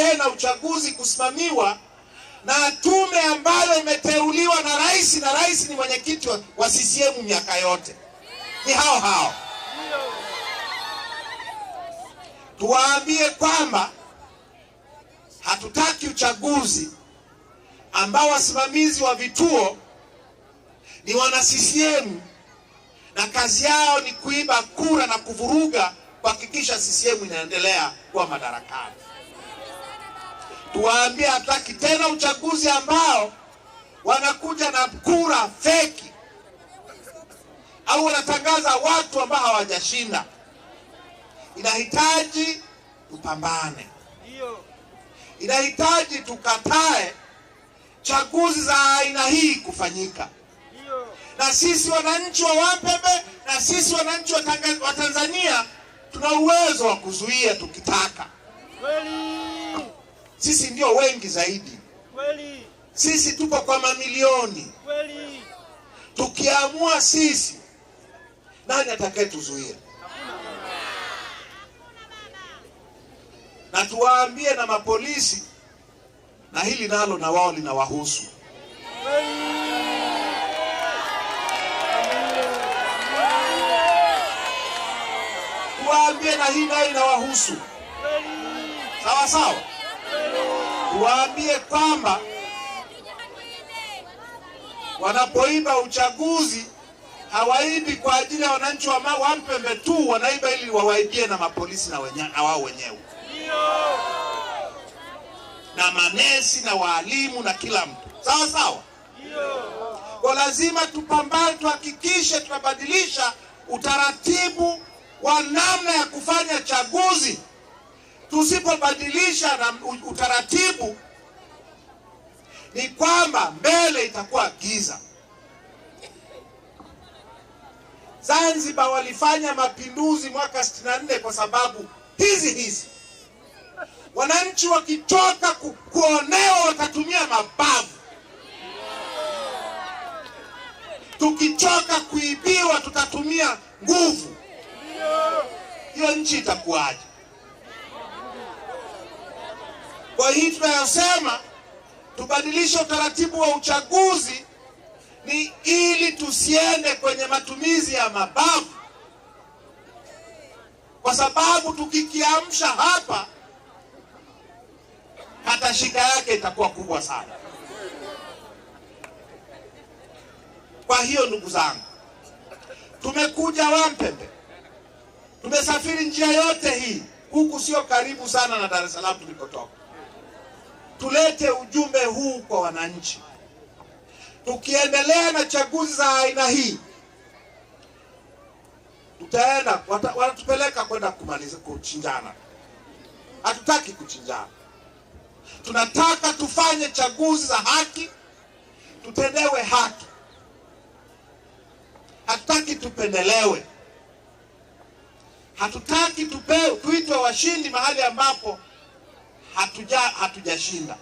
tarehe na uchaguzi kusimamiwa na tume ambayo imeteuliwa na rais, na rais ni mwenyekiti wa, wa CCM miaka yote ni hao hao. Tuwaambie kwamba hatutaki uchaguzi ambao wasimamizi wa vituo ni wana CCM na kazi yao ni kuiba kura na kuvuruga kuhakikisha CCM inaendelea kuwa madarakani tuwaambie hataki tena uchaguzi ambao wanakuja na kura feki au wanatangaza watu ambao hawajashinda. Inahitaji tupambane, inahitaji tukatae chaguzi za aina hii kufanyika, na sisi wananchi wa Wapembe na sisi wananchi wa Tanzania tuna uwezo wa kuzuia tukitaka. Kweli. Sisi ndio wengi zaidi, sisi tupo kwa mamilioni. Tukiamua sisi, nani atakayetuzuia? Na tuwaambie na mapolisi, na hili nalo na wao linawahusu. Tuwaambie na hii nayo inawahusu, sawa sawa waambie kwamba wanapoiba uchaguzi hawaibi kwa ajili ya wananchi wa Wampembe tu, wanaiba ili wawaibie na mapolisi na na wao wenyewe na manesi na waalimu na kila mtu sawa sawa. Kwa lazima tupambane, tuhakikishe tunabadilisha utaratibu wa namna ya kufanya chaguzi. Tusipobadilisha na utaratibu, ni kwamba mbele itakuwa giza. Zanzibar walifanya mapinduzi mwaka 64 kwa sababu hizi hizi, wananchi wakitoka kuonewa watatumia mabavu, tukichoka kuibiwa tutatumia nguvu. Hiyo nchi itakuwaje? Kwa hii tunayosema tubadilishe utaratibu wa uchaguzi ni ili tusiende kwenye matumizi ya mabavu, kwa sababu tukikiamsha hapa, hata shida yake itakuwa kubwa sana. Kwa hiyo ndugu zangu, tumekuja Wampembe, tumesafiri njia yote hii. Huku sio karibu sana na Dar es Salaam tulikotoka tulete ujumbe huu kwa wananchi. Tukiendelea na chaguzi za aina hii, tutaenda wanatupeleka kwenda kumaliza kuchinjana. Hatutaki kuchinjana, tunataka tufanye chaguzi za haki, tutendewe haki. Hatutaki tupendelewe, hatutaki tupewe tuitwe washindi mahali ambapo hatujashinda hatuja